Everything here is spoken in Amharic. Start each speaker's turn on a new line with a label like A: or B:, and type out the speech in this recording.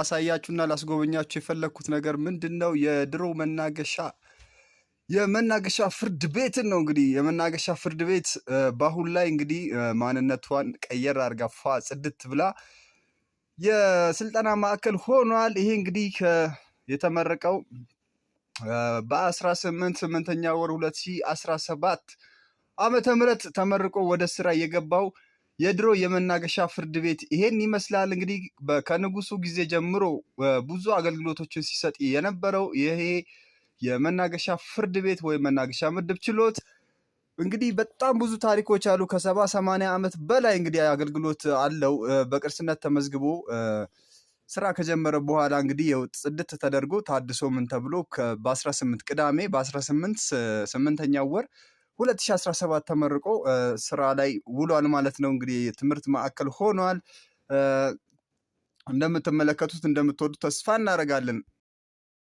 A: ላሳያችሁና ላስጎበኛችሁ የፈለግኩት ነገር ምንድን ነው? የድሮ መናገሻ የመናገሻ ፍርድ ቤትን ነው። እንግዲህ የመናገሻ ፍርድ ቤት በአሁን ላይ እንግዲህ ማንነቷን ቀየር አድርጋ ፏ ጽድት ብላ የስልጠና ማዕከል ሆኗል። ይሄ እንግዲህ የተመረቀው በአስራ ስምንት ስምንተኛ ወር ሁለት ሺህ አስራ ሰባት ዓመተ ምህረት ተመርቆ ወደ ስራ የገባው የድሮ የመናገሻ ፍርድ ቤት ይሄን ይመስላል። እንግዲህ ከንጉሱ ጊዜ ጀምሮ ብዙ አገልግሎቶችን ሲሰጥ የነበረው ይሄ የመናገሻ ፍርድ ቤት ወይም መናገሻ ምድብ ችሎት እንግዲህ በጣም ብዙ ታሪኮች አሉ። ከሰባ ሰማንያ ዓመት በላይ እንግዲህ አገልግሎት አለው። በቅርስነት ተመዝግቦ ስራ ከጀመረ በኋላ እንግዲህ ጽድት ተደርጎ ታድሶ ምን ተብሎ በ18 ቅዳሜ በ18 ስምንተኛው ወር 2017 ተመርቆ ስራ ላይ ውሏል ማለት ነው። እንግዲህ ትምህርት ማዕከል ሆኗል። እንደምትመለከቱት እንደምትወዱት ተስፋ እናደርጋለን።